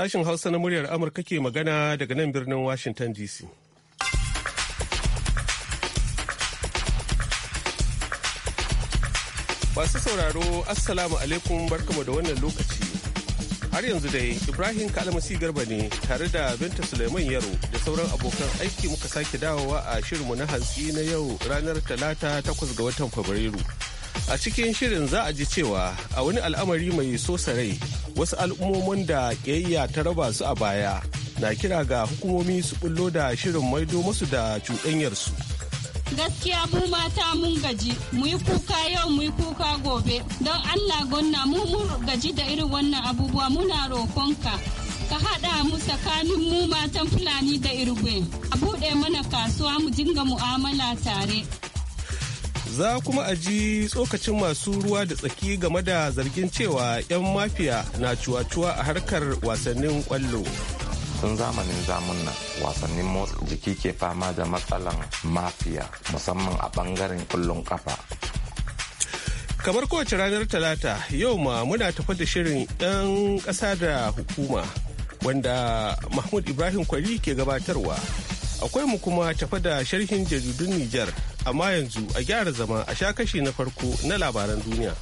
Sashen Hausa na muryar Amurka ke magana daga nan birnin Washington DC. Masu sauraro, Assalamu alaikum barkamu da wannan lokaci. Har yanzu dai Ibrahim Kalmasi Garba ne tare da Binta Suleiman Yaro da sauran abokan aiki muka sake dawowa a shirinmu na hantsi na yau ranar Talata 8 ga watan Fabrairu. A cikin shirin za a ji cewa a wani al'amari mai sosa rai wasu al'ummomin da ƙiyayya ta raba su a baya na kira ga hukumomi su bullo da shirin maido masu da cuɗanyarsu. Gaskiya mu mata mun gaji, mu yi kuka yau mu yi kuka gobe, don Allah gonna mu mun gaji da irin wannan abubuwa muna roƙonka. Ka haɗa mu tsakanin mu matan Fulani da Irgwe, a buɗe mana kasuwa mu dinga mu'amala tare. za kuma a ji tsokacin masu ruwa da tsaki game da zargin cewa 'yan mafiya na cuwa-cuwa a harkar wasannin kwallo. tun zamanin zamun nan wasannin motsa jiki ke fama da matsalan mafiya musamman a bangaren kullun kafa kamar kowace ranar talata yau ma muna tafa da shirin 'yan ƙasa da hukuma wanda mahmud ibrahim kwari ke gabatarwa akwai mu kuma tafa da sharhin jaridun nijar amma yanzu a gyara zama a sha kashi na farko na labaran duniya.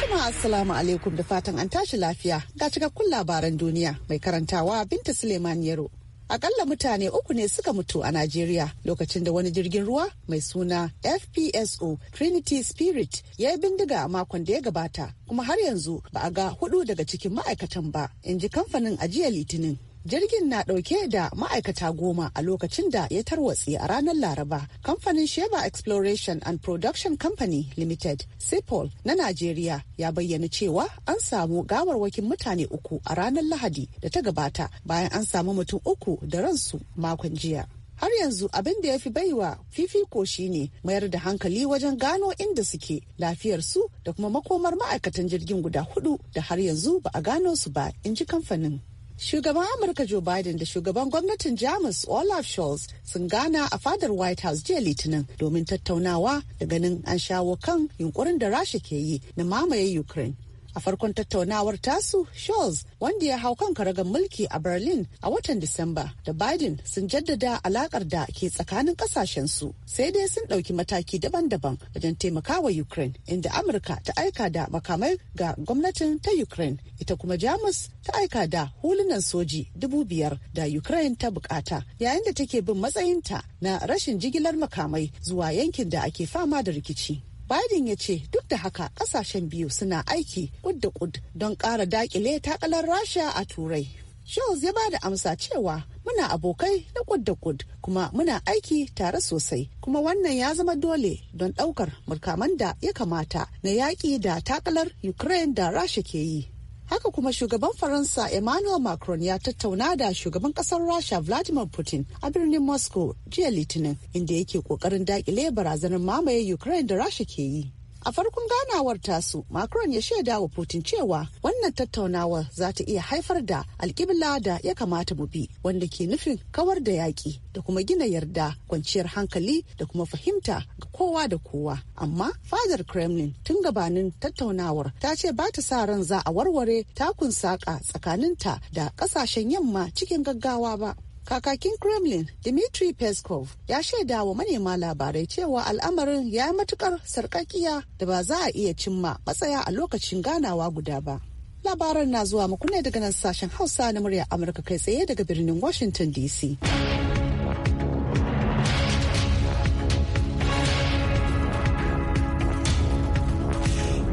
Kuma Assalamu alaikum da fatan an tashi lafiya ga cikakkun labaran duniya mai karantawa Binta Suleiman Yaro. akalla mutane uku ne suka mutu a Najeriya lokacin da wani jirgin ruwa mai suna FPSO Trinity Spirit ya yi bindiga a makon da ya gabata kuma har yanzu ba a ga hudu daga cikin ma'aikatan ba in ji kamfanin ajiya litinin jirgin na dauke da ma'aikata goma a lokacin da ya tarwatse a ranar laraba kamfanin sheba exploration and production company limited sipol na nigeria ya bayyana cewa an samu gawarwakin mutane uku a ranar lahadi da ta gabata bayan an samu mutum uku da ransu makon jiya har yanzu abin da ya fi baiwa fifiko shine mayar da hankali wajen gano inda suke lafiyarsu da kuma makomar ma'aikatan jirgin guda hudu da har yanzu ba a gano su ba in ji kamfanin Shugaban Amurka Joe Biden da shugaban gwamnatin Jamus Olaf Scholz sun gana a fadar White House jiya Litinin domin tattaunawa da ganin an shawo kan yunkurin da Rasha ke yi na mamaye Ukraine. a farkon tattaunawar tasu Scholz wanda ya hau kan karagar mulki a Berlin a watan Disamba da Biden sun jaddada alakar da ke tsakanin kasashen su sai dai sun ɗauki mataki daban-daban wajen taimakawa Ukraine inda Amurka ta aika da makamai ga gwamnatin ta Ukraine ita kuma Jamus ta aika da hulunan soji dubu biyar da Ukraine ta bukata yayin da take bin matsayinta na rashin jigilar makamai zuwa yankin da ake fama da rikici. Biden ya ce duk da haka kasashen biyu suna aiki kud da kud don ƙara dakile takalar Rasha a Turai. Charles ya bada amsa cewa muna abokai na kud da kud kuma muna aiki tare sosai kuma wannan ya zama dole don ɗaukar murkaman da ya kamata na yaƙi da takalar Ukraine da Rasha ke yi. haka kuma shugaban faransa emmanuel macron ya tattauna da shugaban kasar rasha vladimir putin a birnin moscow jiya litinin inda yake kokarin dakile barazanar mamaye ukraine da rasha ke yi A farkon ganawar tasu, Macron ya shaida wa Putin cewa wannan tattaunawar za ta iya haifar da alkibla da ya kamata mu bi wanda ke nufin kawar da yaƙi da kuma gina yarda kwanciyar hankali da kuma fahimta ga kowa da kowa. Amma fadar Kremlin tun gabanin tattaunawar ta ce ba ta sa ran za a warware takun saƙa tsakaninta da ƙasashen yamma cikin gaggawa ba. Kakakin Kremlin Dmitry Peskov ya shaida wa manema labarai cewa al'amarin ya yi matukar sarkakiya da ba za a iya cimma matsaya a lokacin ganawa guda ba. Labaran na zuwa muku daga nan sashen Hausa na murya Amurka kai tsaye daga birnin Washington DC.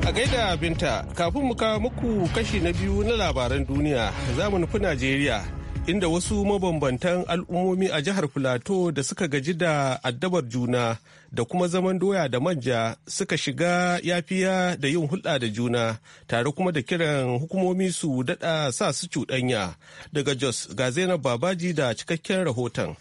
A gaida binta kafin mu kawo muku kashi na biyu na labaran duniya za mu nufi Najeriya. inda wasu mabambantan al'ummomi a jihar Filato da suka gaji da addabar juna da kuma zaman doya da manja suka shiga yafiya da yin hulɗa da juna tare kuma da kiran hukumomi su daɗa sa su cuɗanya daga Jos ga Zainab Babaji da cikakken rahoton.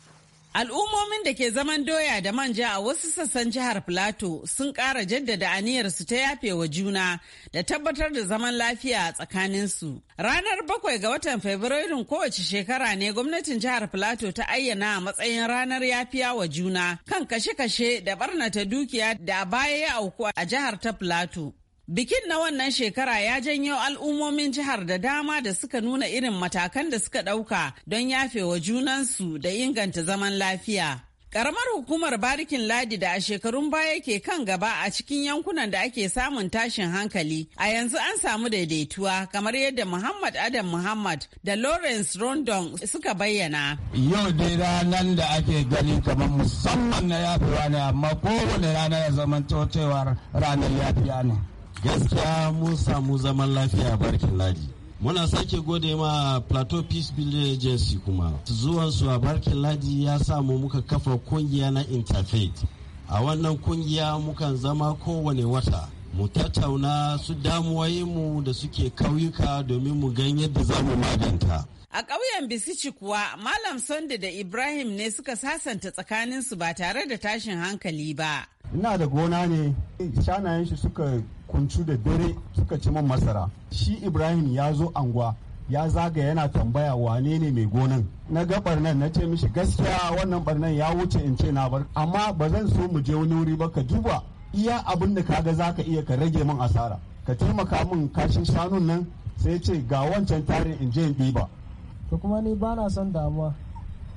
Al'ummomin da ke zaman doya da manja a wasu sassan jihar Filato sun ƙara jaddada aniyarsu ta yafe wa juna da tabbatar da zaman lafiya a tsakaninsu. Ranar bakwai ga watan Fabrairun kowace shekara ne gwamnatin jihar Filato ta ayyana a matsayin ranar yafiya wa juna kan kashe-kashe da barnata dukiya da a baya ya auku a jihar ta Filato. Bikin na wannan shekara ya janyo al'ummomin jihar da dama da suka nuna irin matakan da suka ɗauka don yafewa junansu da inganta zaman lafiya. Karamar hukumar barikin ladi da a shekarun baya ke kan gaba a cikin yankunan da ake samun tashin hankali a yanzu an samu daidaituwa kamar yadda Muhammad Adam Muhammad da Lawrence Rondon suka bayyana. Yau dai ranar da ake gani kamar musamman na yafewa ne amma kowane ranar ya zama cewar ranar yafiya ne. gaskiya mun samu zaman lafiya barkin ladi muna sake gode ma plateau peace building agency kuma zuwan su a barkin ladi ya samu muka kafa kungiya na interfaith a wannan kungiya mukan zama kowane wata mu tattauna su damuwayinmu da suke kauyuka domin mu gan yadda za mu maganta A ƙauyen Bisici kuwa Malam Sonda da Ibrahim ne suka sasanta tsakaninsu ba tare da tashin hankali ba. Ina da gona ne, shanayen shi suka kuncu da dare suka ci man masara. Shi Ibrahim ya zo anguwa ya zaga yana tambaya wane ne mai gonan na ga barnan na ce mishi gaskiya wannan barnan ya wuce in ce na bar amma ba zan so mu je wani wuri ba ka duba iya abin da ka kaga zaka iya ka rage min asara ka taimaka min kashin shanun nan sai ce ga wancan tarin in je in ɗiba to kuma ni ba na son damuwa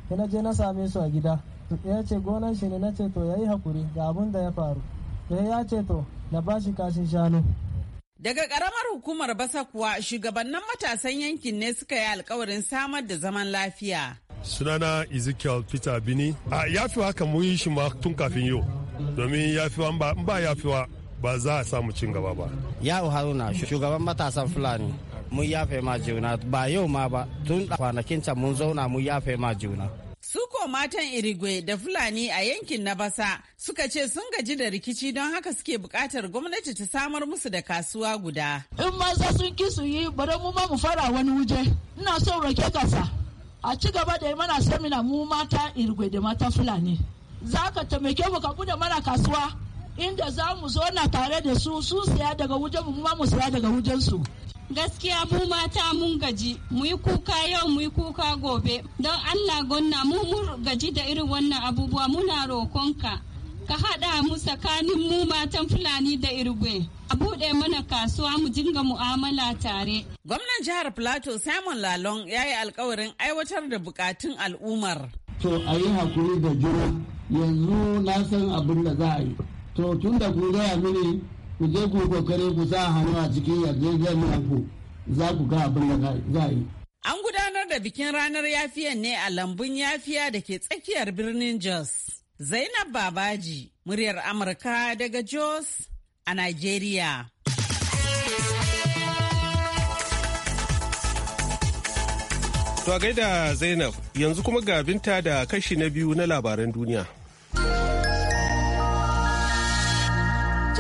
na je na same su a gida ya ce gonan shi ne na ce to ya yi hakuri ga abin da ya faru ya ce to na ba shi kashin shanu Daga karamar hukumar Basa kuwa shugabannin matasan yankin ne suka yi alkawarin samar da zaman lafiya. Sunana Ezekiel Peter Bini, a yafi haka mun yi shi tun kafin yau, domin yafiwa ba yafiwa ba za a samu cin gaba ba. Yawo Haruna, shugaban matasan Fulani. mun yafe ma juna ba yau ma ba tun kwanakin can mun zauna mun yafe ma juna. Suko matan Irigwe da Fulani a yankin na Basa suka ce sun gaji da rikici don haka suke bukatar gwamnati ta samar musu da kasuwa guda. In maza sun ki su yi bari mu ma mu fara wani wuje. Ina so rake kasa. A ci gaba da mana samina mu mata Irigwe da mata Fulani. Za ka taimake mu ka gudu mana kasuwa inda za mu zo na tare da su su siya daga wujen mu ma mu siya daga wujen su. gaskiya mu mata mun gaji mu yi kuka yau mu yi kuka gobe don allah gonna mu mun gaji da irin wannan abubuwa muna rokonka ka haɗa mu tsakanin mu matan fulani da irgwe a buɗe mana kasuwa mu dinga mu'amala tare. gwamnan jihar plateau simon lalong ya yi alkawarin aiwatar da bukatun al'ummar. to a yi hakuri da juna yanzu na san abin da za a yi to tun da kun gaya mini ku je ku kokari ku sa hannu a cikin yarjejeniyar ku za ku ga abin da za yi. An gudanar da bikin ranar yafiyan ne a lambun yafiya da ke tsakiyar birnin Jos. Zainab Babaji, muryar Amurka daga Jos a Nigeria. To gaida Zainab, yanzu kuma ga binta da kashi na biyu na labaran duniya.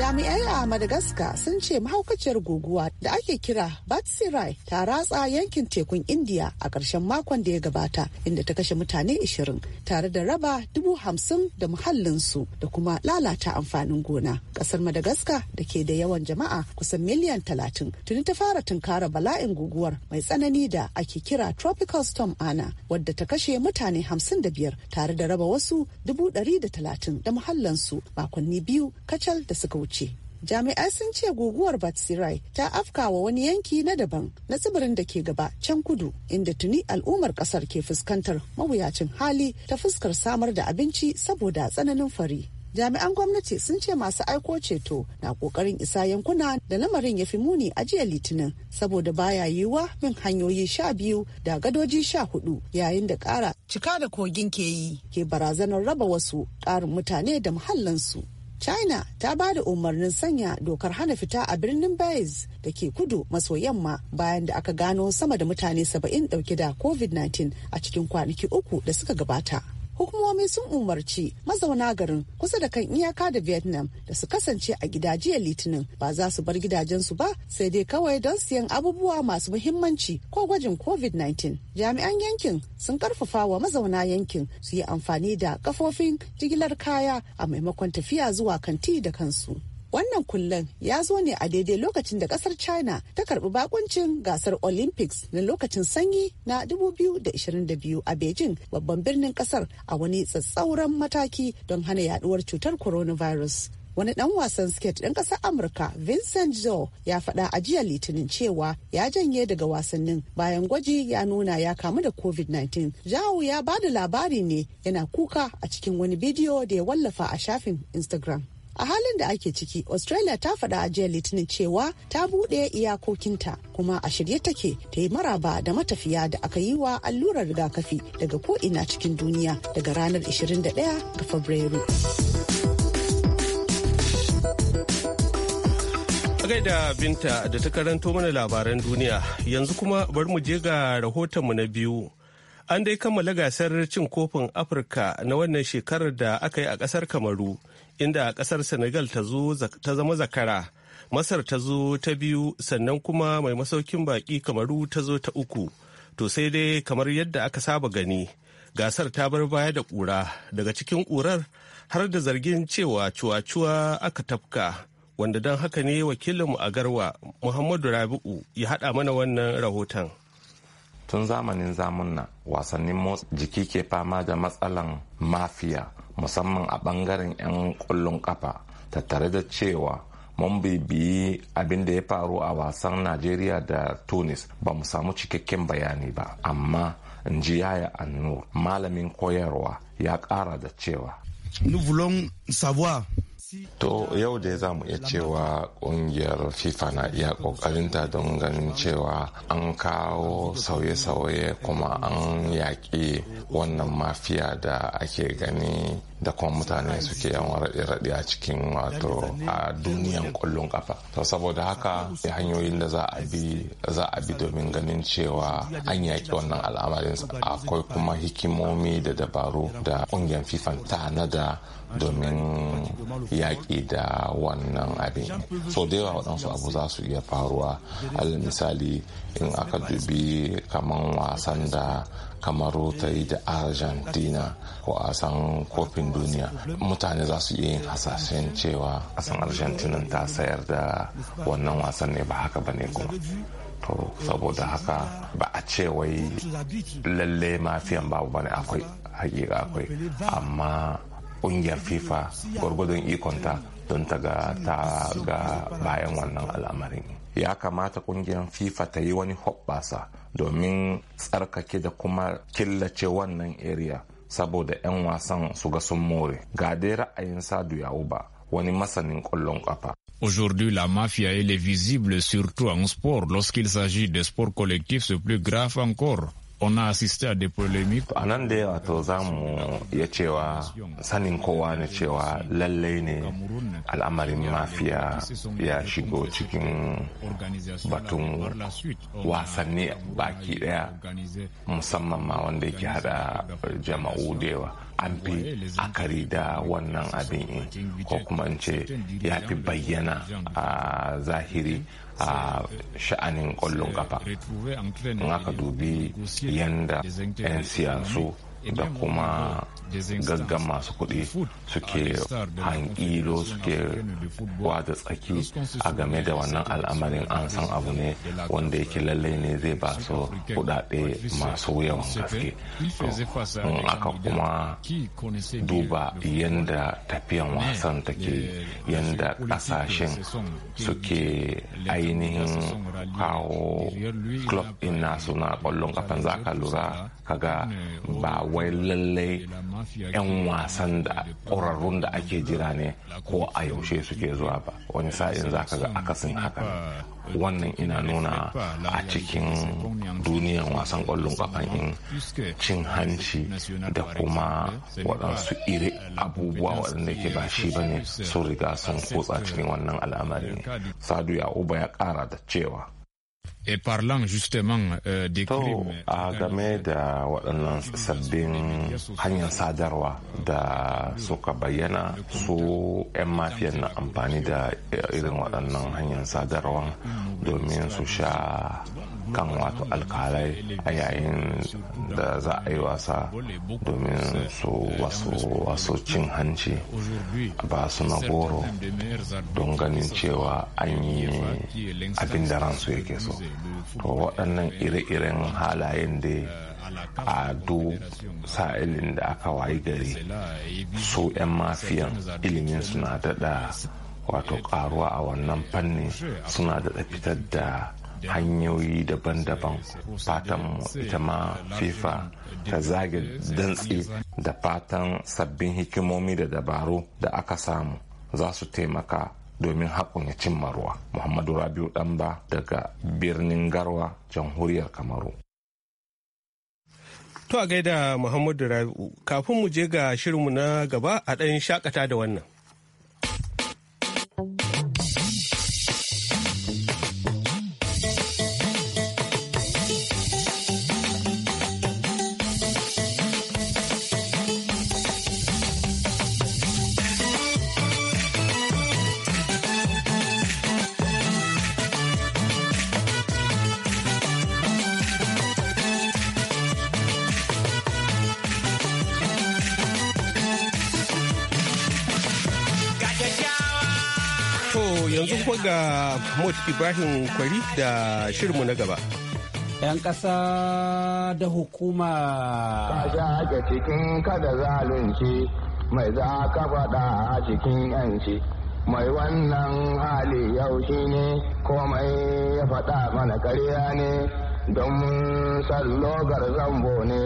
Jami'ai a Madagascar sun ce mahaukaciyar guguwa da ake kira Batsirai ta ratsa yankin tekun India a ƙarshen makon da ya gabata inda ta kashe mutane 20 tare da raba dubu hamsin da muhallinsu da kuma lalata amfanin gona. Ƙasar Madagascar da ke da yawan jama'a kusan miliyan 30 tuni ta fara tunkara bala'in guguwar mai tsanani da ake kira Tropical Storm Ana wadda ta kashe mutane 55 tare da raba wasu dubu 130 da muhallinsu makonni biyu kacal da suka wuce. jami'ai sun ce guguwar batsirai ta afka wa wani yanki na daban na tsibirin da ke gaba can kudu inda tuni al'ummar kasar ke fuskantar mawuyacin hali ta fuskar samar da abinci saboda tsananin fari jami'an gwamnati sun ce masu aiko ceto na kokarin isa yankuna da lamarin ya fi muni a jiya litinin saboda baya yiwuwa bin hanyoyi sha biyu da gadoji sha hudu yayin da kara cika da kogin ke yi ke barazanar raba wasu karin mutane da muhallansu. china ta ba da umarnin sanya dokar hana fita a birnin baez da ke kudu maso yamma bayan da aka gano sama da mutane 70 dauke da covid-19 a cikin kwanaki uku da suka gabata hukumomi sun umarci mazauna garin kusa da kan iyaka da vietnam da su kasance a gida litinin ba za su bar gidajensu ba sai dai kawai don siyan abubuwa masu muhimmanci ko gwajin covid-19 jami'an yankin sun karfafa wa mazauna yankin su yi amfani da kafofin jigilar kaya a maimakon tafiya zuwa kanti da kansu Wannan kullen ya zo ne a daidai lokacin da kasar China ta karbi bakuncin gasar Olympics na lokacin sanyi na 2022 a Beijing babban birnin kasar a wani tsatsauran mataki don hana yaduwar cutar coronavirus. wani dan wasan skate ɗin ƙasar amurka vincent zo ya faɗa a jiya litinin cewa ya janye daga wasannin bayan gwaji ya nuna ya kamu da covid-19 jawo ya bada labari ne yana kuka a cikin wani bidiyo da ya wallafa a shafin instagram a halin da ake ciki australia ta faɗa a jiya litinin cewa ta buɗe iyakokinta kuma a shirye take ta yi maraba da matafiya da aka yi wa allurar rigakafi daga ko'ina cikin duniya daga ranar 21 ga fabrairu da binta da ta karanto mana labaran duniya yanzu kuma bari mu je ga rahotonmu na biyu an dai kammala gasar cin kofin afirka na wannan shekarar da aka yi a kasar kamaru inda kasar senegal ta zama zakara masar ta zo ta biyu sannan kuma mai masaukin baki kamaru ta zo ta uku to sai dai kamar yadda aka saba gani gasar ta bar baya da ƙura daga cikin ƙurar har da zargin cewa cuwacuwa aka tafka wanda don haka ne wakilinmu a garwa muhammadu rabi'u ya haɗa mana wannan rahoton tun zamanin zamunna wasannin motsa jiki ke fama da matsalan mafiya musamman a bangaren 'yan kullun kafa tattare da cewa mun bibiyi abin da ya faru a wasan najeriya da tunis ba mu samu cikakken bayani ba amma in ji yaya annur malamin koyarwa ya kara da cewa nous voulons savoir To yau dai za mu iya cewa kungiyar FIFA na iya kokarinta don ganin cewa an kawo sauye-sauye kuma an yaƙi wannan mafiya da ake gani da kuma mutane suke yan raɗe-raɗe a cikin wato a duniyan kwallon kafa to saboda haka hanyoyin da za a bi za a bi domin ganin cewa an yaƙi wannan al'amarin akwai kuma hikimomi da dabaru da ƙungiyar fifan ta da domin yaƙi da wannan abin so da yawa waɗansu abu za su iya faruwa alal misali in aka dubi kaman wasan da kamaru ta yi da argentina ko a san kofin duniya mutane za su iya yin hasashen cewa kasan argentina ta sayar da wannan wasan ne ba haka ba ne kuma to saboda haka ba a ce wai lalle mafiyan babu bane akwai hakika akwai amma kungiyar fifa gwargwadon ikonta don ta ga ta ga bayan wannan al'amarin ya kamata kungiyar fifa ta yi wani hoɓɓasa domin tsarkake da kuma killace wannan area Aujourd'hui, la mafia, est visible surtout en sport. Lorsqu'il s'agit de sports collectifs, c'est plus grave encore. on a assisté à A nan dai wato za mu iya cewa sanin kowa ne cewa lallai ne al'amarin mafiya ya shigo cikin batun wasanni baki daya musamman ma wanda yake hada jama'u da yawa. An fi akari da wannan abin ko kuma ce ya fi bayyana a zahiri a sha'anin kwallon kafa in aka dubi yadda 'yan siyasu da kuma gaggan masu kuɗi suke hankilo suke wada tsaki a game da wannan al'amarin an san abu ne wanda yake lallai ne zai ba su kuɗaɗe masu yawan gaske in aka kuma duba yadda tafiyan wasan take yadda ƙasashen suke ainihin kawo club in nasu na ƙwallon kafan za ka lura kaga ba wai lallai 'yan wasan da ƙwararrun da ake jira ne ko a yaushe suke zuwa ba wani sa'in za ka ga akasin haka wannan ina nuna a cikin duniyan wasan ƙwallon ƙafan in cin hanci da kuma waɗansu iri abubuwa waɗanda ke ba shi ba ne sun riga sun kutsa cikin wannan al'amari sadu ya uba ya ƙara da cewa parlant justement des crimes a game da waɗannan sabbin hanyar sadarwa da suka bayyana su 'yan mafiyan na amfani da irin waɗannan hanyar sadarwa domin su sha kan wato alkalai a yayin da za a yi wasa domin su wasu cin hanci ba su na goro don ganin cewa an yi abin da ransu yake so to waɗannan ire-iren halayen da a duk ilin da aka wayi gari su 'yan mafiyan ilimin suna daɗa wato karuwa a wannan fanni suna daɗa fitar da hanyoyi daban-daban fatan ita ma fifa ta zage dantse da fatan sabbin hikimomi da dabaru da aka samu za su taimaka domin haƙun ya cimma ruwa muhammadu rabiu ba daga birnin garwa jamhuriyar kamaru To a gaida Muhammadu Rabi'u, kafin mu je ga shirinmu na gaba a ɗan shakata da wannan. yanzu kuma ga Mahmud Ibrahim Kwari da shirinmu na gaba. 'Yan ƙasa da hukuma. ake cikin kada zalunci mai za ka faɗa a cikin 'yanci. Mai wannan hali yau shi ne komai ya faɗa mana karya ne don sallogar zambo ne.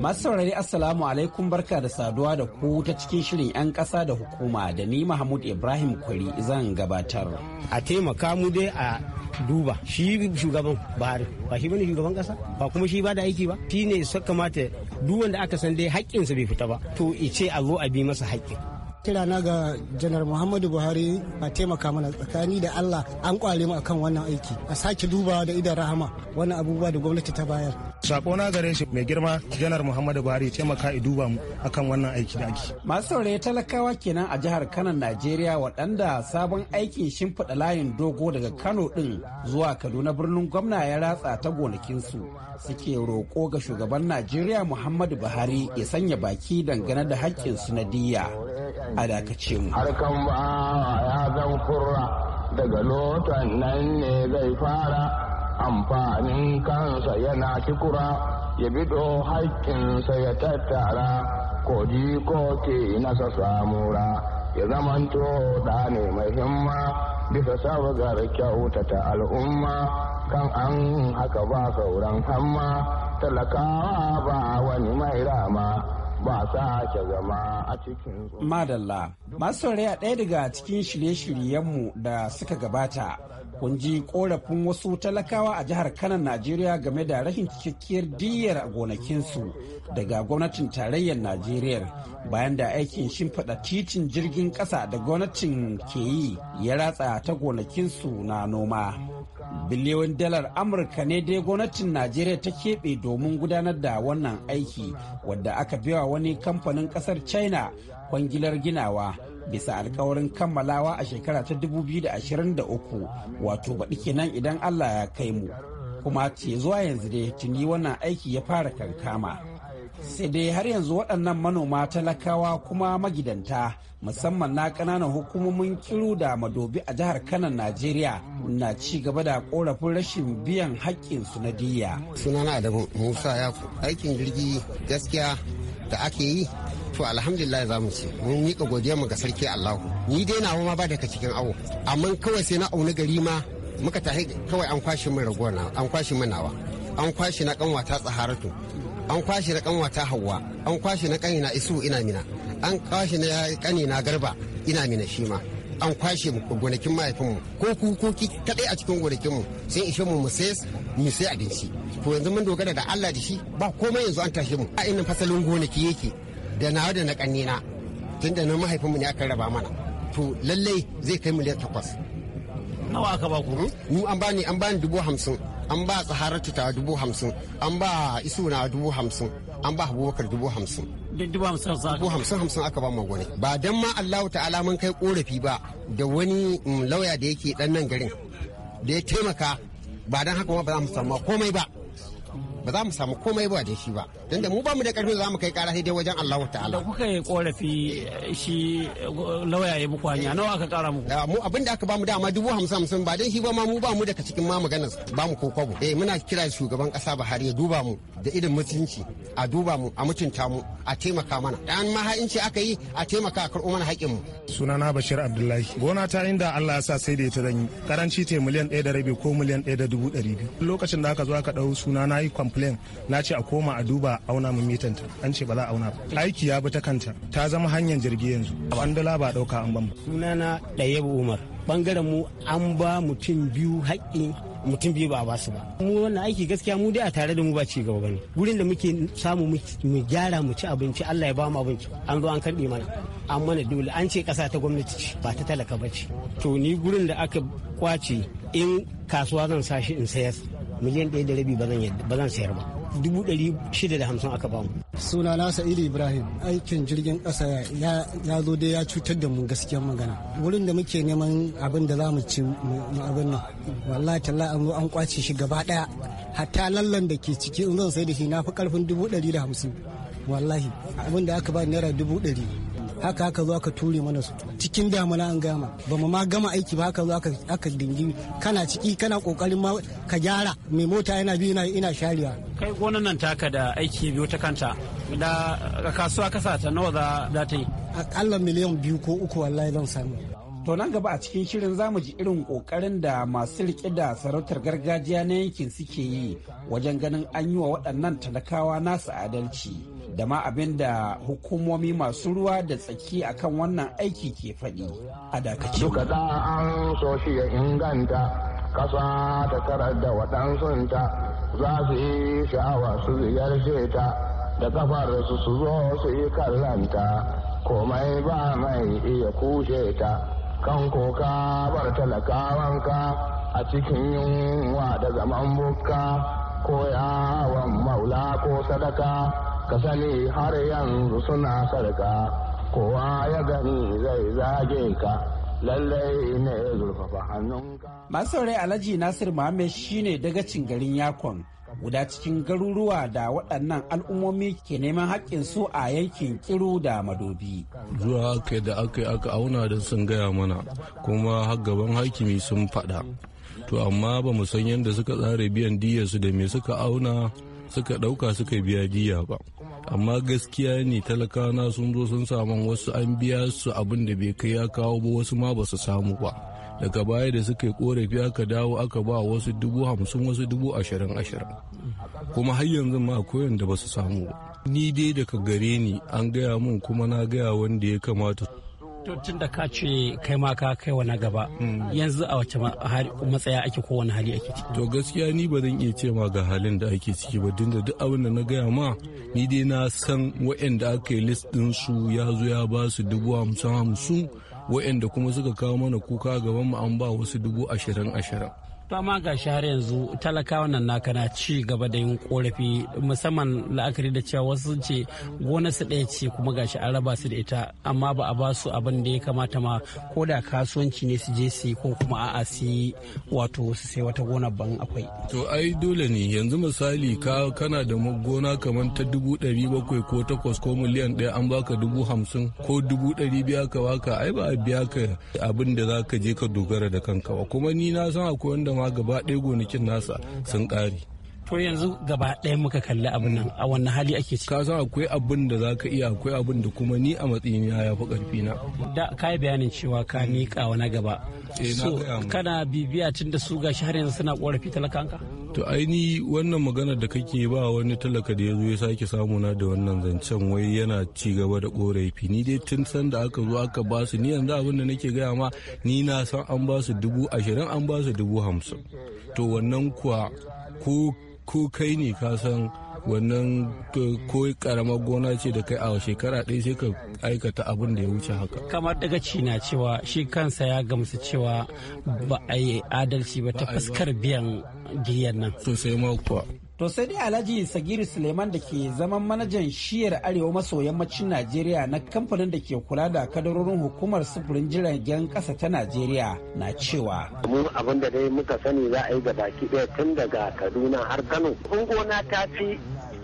Masu saurari Assalamu alaikum barka da saduwa da ku ta cikin shirin 'yan ƙasa da hukuma da ni Mahmud Ibrahim Kwari zan gabatar. A taimaka mu dai a duba shi shugaban bari ba shi bane shugaban ƙasa ba kuma shi ba da aiki ba shi ne kamata duk wanda aka san dai haƙƙinsa bai fita ba to ice a zo a bi masa haƙƙin. kira na ga janar muhammadu buhari a taimaka mana tsakani da allah an kware mu akan wannan aiki a sake duba da idan rahama wannan abubuwa da gwamnati ta bayar sako na gare shi mai girma janar muhammadu buhari taimaka i duba mu akan wannan aiki da ake masu saurayi talakawa kenan a jihar kano najeriya waɗanda sabon aikin shimfiɗa layin dogo daga kano ɗin zuwa kaduna birnin gwamna ya ratsa ta gonakinsu suke roƙo ga shugaban najeriya muhammadu buhari ya sanya baki dangane da haƙƙinsu na diya a dakace mu harkan ba ya zan kurra daga lotan nan ne zai fara amfanin kansa yana cikura ya bido haƙƙinsa ya tattara ko ko ke nasa samura ya zamanto da ne mai himma bisa sabgar kyautata al'umma kan an haka ba sauran hamma talakawa ba wani mai ba zama madalla masu a ɗaya daga cikin shirye-shiryenmu da suka gabata kun ji korafin wasu talakawa a jihar kano najeriya game da rashin cikakkiyar diyyar gonakinsu daga gwamnatin tarayyar najeriya bayan da aikin shimfiɗa titin jirgin ƙasa da gwamnatin ke yi ya ratsa ta gonakinsu na noma biliyoyin dalar amurka ne dai gwamnatin najeriya ta keɓe domin gudanar da wannan aiki wadda aka biya wani kamfanin ƙasar china kwangilar ginawa bisa alkawarin kammalawa a shekara ta 2023 wato baɗi kenan idan allah ya kai mu kuma ce zuwa yanzu dai tuni wannan aiki ya fara kankama sai dai har yanzu waɗannan manoma talakawa kuma magidanta musamman na ƙananan hukumomin kiru da madobi a jihar kanan najeriya na ci gaba da korafin rashin biyan haƙƙinsu na diya sunana adamu musa ya aikin jirgi gaskiya da ake yi to alhamdulillah za mu ce mun miƙa godiya mu ga sarki allahu ni dai na ma ba daga cikin awo amma kawai sai na auna gari ma muka tahi kawai an kwashe min an kwashe min nawa an kwashe na kanwata tsaharatu an kwashe na kanwata hawa an kwashe na kanina isu ina mina an kwashe na kanina garba ina mina shi ma an kwashe gonakin mahaifinmu ko kukoki kadai a cikin gonakinmu sun ishe mu mu sai abinci to yanzu mun dogara da Allah da shi ba komai yanzu an tashe mu a inin fasalin gonaki yake da nawa da na tun da na mahaifinmu ne aka raba mana to lallai zai kai miliyan takwas nawa aka ba ku mu an bani an bani dubu hamsin an ba tsaharatu ta dubu hamsin an ba isu na dubu hamsin an ba abubakar dubu hamsin dubu hamsin hamsin aka ba mu gwani ba dan ma allahu ta'ala mun kai korafi ba da wani mm, lauya da yake dan nan garin da ya taimaka ba dan haka ba za mu samu komai ba ba za mu samu komai ba da shi ba don da mu ba mu da karfin za mu kai kara sai dai wajen Allahu ta'ala da kuka yi korafi eh, shi eh, lawaya ya muku hanya nawa aka kara muku ah, mu abin da aka ba mu dama dubu hamsin hamsin ba dan shi ba ma mu ba mu daga cikin ma magana ba mu ko kwabo eh muna kira shugaban kasa Buhari ya duba mu da irin mutunci a duba mu a mutunta mu a taimaka mana dan maha'inci aka yi a taimaka a karɓo mana haƙƙin mu sunana Bashir Abdullahi gona ta inda Allah ya sa sai da ita zan yi karanci te miliyan ɗaya da ko miliyan ɗaya da dubu ɗari lokacin da aka zo aka dau suna na yi complain na ce a koma a duba auna mu mitan ta an ce ba za a auna ba aiki ya bi ta kanta ta zama hanyar jirgi yanzu an dala ba dauka an ban sunana Dayebu Umar bangaren mu an ba mutum biyu haƙƙin mutum biyu ba a basu ba mu wannan aiki gaskiya mu dai a tare da mu ba ci gaba bane gurin da muke samu mu gyara mu ci abinci Allah ya ba mu abinci an zo an karbe mana an mana dole an ce kasa ta gwamnati ce ba ta talaka ba ce to ni gurin da aka kwace in kasuwa zan sashi in sayar miliyan ɗaya da rabi ba zan sayar ba dubu ɗari shida da hamsin aka bamu. sunana sa'idu ibrahim aikin jirgin ƙasa ya zo dai ya cutar da mu gaskiyar magana wurin da muke neman abin da za mu ci abin nan wallahi talla an zo an kwace shi gaba ɗaya hatta lallan da ke ciki in zan sai da shi na fi ƙarfin dubu ɗari da hamsin wallahi abin da aka ba naira dubu ɗari haka haka zo aka ture mana su cikin damuna an gama ba mu ma gama aiki ba haka zo aka dingi kana ciki kana kokarin ma ka gyara mai mota yana bi ina sharewa kai gonan nan taka da aiki biyu ta kanta da kasuwa kasa ta nawa za ta yi akalla miliyan biyu ko uku wallahi zan samu To nan gaba a cikin shirin zamu ji irin kokarin da masu rike da sarautar gargajiya na yankin suke yi wajen ganin an yi wa waɗannan talakawa nasu adalci da ma abin da hukumomi masu ruwa da tsaki akan wannan aiki ke faɗi a dakace. Duka da an so shi inganta kasa ta karar da waɗansunta za su yi sha'awa su ziyarce ta da kafar su su zo su yi kallanta komai ba mai iya kushe ta. kan koka bar talakawanka a cikin yunwa da zaman bukka ko yawon maula ko sadaka ka sani har yanzu suna sarka kowa ya gani zai zage ka lallai ne zurfafa hannunka. masu rai alhaji nasir muhammed shine dagacin garin yakon guda cikin garuruwa da waɗannan al'ummomi ke neman haƙƙin su a yankin kiru da madobi. Zuwa aka da aka aka auna da sun gaya mana kuma har gaban hakimi sun faɗa. To amma ba mu san yadda suka tsara biyan diyar su da me suka auna suka ɗauka suka biya diya ba. Amma gaskiya ne talakana sun zo sun samu wasu an biya su abin da bai kai ya kawo ba wasu ma ba su samu ba. daga baya da suka yi korafi aka dawo aka ba wasu dubu hamsin wasu dubu ashirin ashirin kuma har yanzu ma koyon da ba su samu ba ni dai daga gare ni an gaya mun kuma na gaya wanda ya kamata to tun da ka ce kai ma ka kai wani gaba hmm. yanzu a wace matsaya ake ko wani hali ake ciki to gaskiya ni ba zan iya ce ma ga halin da ake ciki ba tun da duk abin da na gaya ma ni dai na san wa'inda aka yi list ɗin su ya zo ya ba su dubu hamsin hamsin waɗanda kuma suka kawo mana kuka gaban mu an ba wasu dubu ashirin ashirin fama ga shi har yanzu talakawa nan naka na ci gaba da yin korafi musamman la'akari da cewa wasu sun ce gona su ɗaya ce kuma ga shi an raba su da ita amma ba a ba su abin da ya kamata ma ko da kasuwanci ne su je su ko kuma a'a su yi wato su sai wata gona ban akwai. to ai dole ne yanzu misali ka kana da gona kamar ta dubu ɗari bakwai ko takwas ko miliyan ɗaya an baka dubu hamsin ko dubu ɗari biya ka baka ai ba a biya ka abin da za ka je ka dogara da kanka ba kuma ni na san akwai wanda gaba ɗaya gonakin nasa sun ƙare to yanzu gaba ɗaya muka kalli abin nan a wannan hali ake ciki ka san akwai abin da zaka iya akwai abin da kuma ni a matsayin ya yafi karfi na da kai bayanin cewa ka miƙa wani gaba eh, so kana bibiya tun da su gashi har yanzu suna korafi talakanka to aini wannan magana da kake ba wani talaka da ya zo ya sake samu na da wannan zancen wai yana ci gaba da korafi ni dai tun san da aka zo aka ba su ni yanzu abin da nake gaya ma ni na san an ba su dubu ashirin an ba su dubu hamsin to wannan kuwa ko ko kai ne ka san wannan ko karamar gona ce da kai a shekara ɗaya sai ka aikata abin da ya wuce haka kamar daga na cewa shi kansa ya gamsu cewa ba a yi adalci ba ta fuskar biyan giyan nan sosai ma kuwa To sai dai Alhaji sagiri Suleiman da ke zaman manajan shiyar arewa maso yammacin Najeriya na kamfanin da ke kula da kadarorin hukumar sufurin jiragen kasa ta Najeriya na cewa. Mu abin da dai muka sani za a yi ga baki ɗaya tun daga Kaduna har Kano. Ungona ta fi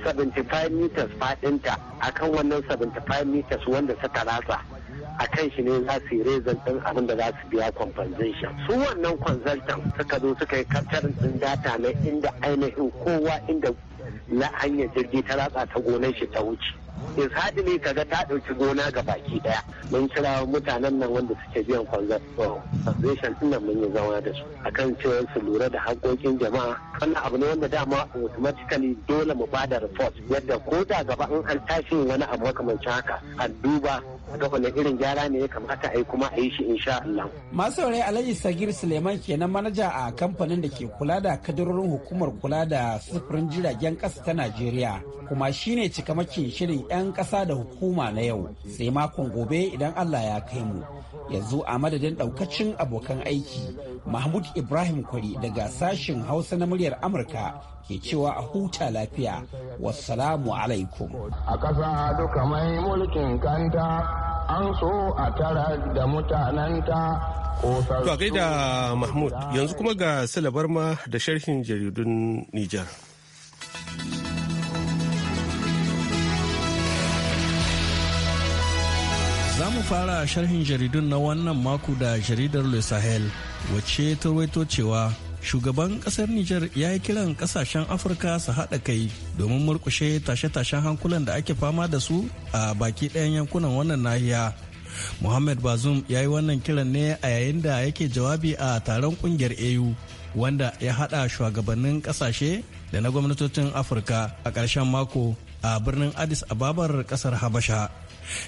75 meters faɗinta akan wannan 75 meters wanda suka rasa. a kan shi ne za su yi rezan ɗin abin da za su biya compensation su wannan consultant suka zo suka yi capturing ɗin data na inda ainihin kowa inda na hanyar jirgi ta ratsa ta gonar shi ta wuce ishadi ne kaga ta ɗauki gona ga baki ɗaya mun kira mutanen nan wanda suke biyan oh, conservation ɗin nan mun yi zama da su akan cewa su lura da haƙoƙin jama'a wannan abu ne wanda dama automatically dole mu bada report yadda ko da gaba in an tashi wani abu makamancin haka an duba ga wani irin gyara ne ya kamata a yi kuma a yi shi insha Allah. Masu Alhaji Sagir Suleiman kenan manaja a kamfanin da ke kula da kadarorin hukumar kula da sufurin jiragen ƙasa ta Najeriya kuma shine cikamakin shirin 'yan ƙasa da hukuma na yau sai makon gobe idan Allah ya kai mu. Yanzu a madadin ɗaukacin abokan aiki Mahmud Ibrahim Kwari daga sashin Hausa na muryar Amurka ke cewa a huta lafiya wassalamu alaikum a ƙasa duka mai mulkin kanta an so a tara da mutananta To da Mahmud yanzu kuma ga silabar ma da sharhin jaridun Nijar. Za mu fara sharhin jaridun na wannan mako da jaridar Le Sahel wacce ta cewa shugaban kasar Nijar ya yi kiran kasashen Afirka su haɗa kai domin murkushe tashe-tashen hankulan da ake fama da su a baki ɗayan yankunan wannan nahiya. Muhammad Bazum ya yi wannan kiran ne a yayin da yake jawabi a taron ƙungiyar AU wanda ya haɗa shugabannin ƙasashe da na gwamnatocin Afirka a ƙarshen mako a birnin Addis Ababar ƙasar Habasha.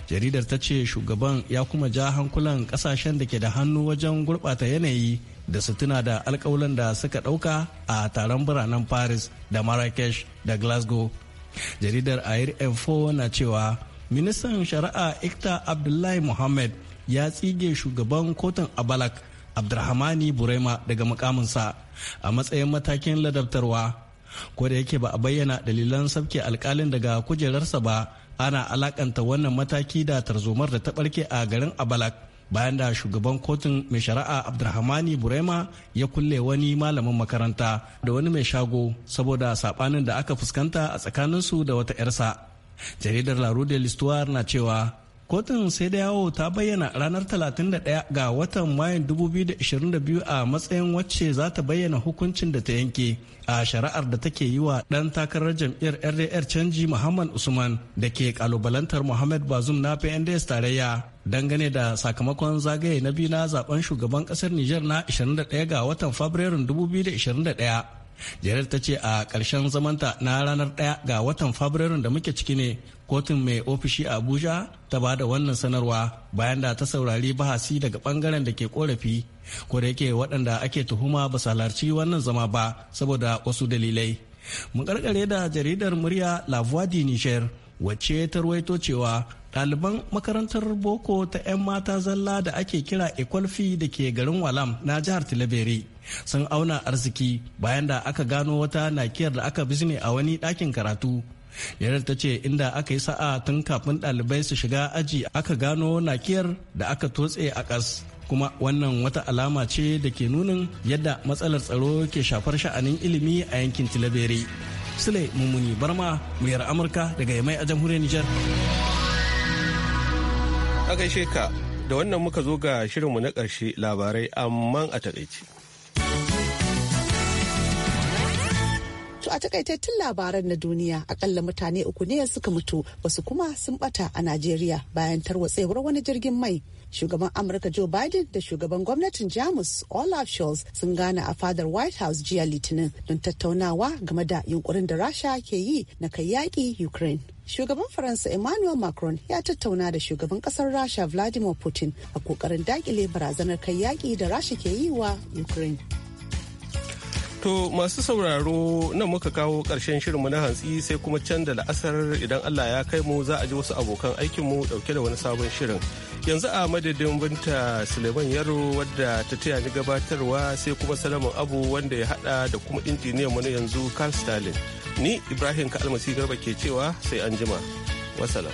jaridar ta ce shugaban ya kuma ja hankulan kasashen da ke da hannu wajen gurɓata yanayi da su tuna da alkawalan da suka ɗauka a taron biranen paris da marrakesh da glasgow jaridar air 4 na cewa ministan shari'a ikta abdullahi muhammad ya tsige shugaban kotun abalak abdulrahmani burema daga mukaminsa a matsayin matakin ladabtarwa ko da yake ba a bayyana dalilan sabke alkalin daga kujerarsa ba ana alakanta wannan mataki da tarzomar da ta barke a garin abalak bayan da shugaban kotun mai shari'a abdulhamani burema ya kulle wani malamin makaranta da wani mai shago saboda sabanin da aka fuskanta a tsakaninsu da wata 'yarsa jaridar larudel rue na cewa kotun sai da yawo ta bayyana ranar 31 ga watan mayun 2022 a matsayin wacce za ta bayyana hukuncin da ta yanke a shari'ar da take yi wa ɗan takarar jam'iyyar rdr canji muhammad usman da ke kalubalantar muhammad bazum na pnds tarayya dangane da sakamakon zagaye na biyu na zaben shugaban ƙasar niger na 21 ga watan fabrairun 2021 jarir ta ce a ƙarshen zamanta na ranar ɗaya ga watan fabrairun da muke ciki ne kotun mai ofishi a abuja ta ba da wannan sanarwa bayan da ta saurari bahasi daga bangaren da ke korafi ko da yake waɗanda ake tuhuma ba halarci wannan zama ba saboda wasu dalilai mun karkare da jaridar murya la voix du niger wacce ta ruwaito cewa ɗaliban makarantar boko ta 'yan mata zalla da ake kira ekwalfi da ke garin walam na jihar tilaberi sun auna arziki bayan da aka gano wata nakiyar da aka bisne a wani ɗakin karatu yarar ta ce inda aka yi sa'a tun kafin ɗalibai su shiga aji aka gano nakiyar da aka totse a ƙas kuma wannan wata alama ce da ke nunin yadda matsalar tsaro ke shafar sha'anin ilimi a yankin tilabere sule mummuni barma muryar amurka daga yamai a jamhuriyar nijar a gaishe ka da wannan muka zo ga shirinmu na ƙarshe labarai amma a taƙaice. To a takaitattun labaran na duniya akalla mutane uku ne suka mutu wasu kuma sun bata a Najeriya bayan tarwatsewar wani jirgin mai. Shugaban Amurka Joe Biden da shugaban gwamnatin Jamus Olaf Scholz sun gana a fadar White House jiya Litinin don tattaunawa game da yunkurin da Rasha ke yi na kai yaƙi Ukraine. shugaban faransa emmanuel macron ya tattauna da shugaban kasar rasha vladimir putin a kokarin dakile barazanar kai yaƙi da rasha ke yi wa ukraine To masu sauraro nan muka kawo ƙarshen shirinmu na hantsi sai kuma can da la'asar idan Allah ya kai mu za a ji wasu abokan aikinmu ɗauke da wani sabon shirin. Yanzu a madadin binta Suleiman Yaro wadda ta taya ni gabatarwa sai kuma Salamun Abu wanda ya haɗa da kuma injiniyan mu yanzu Carl Stalin. Ni Ibrahim Ka'almasi Garba ke cewa sai an jima. Wasalam.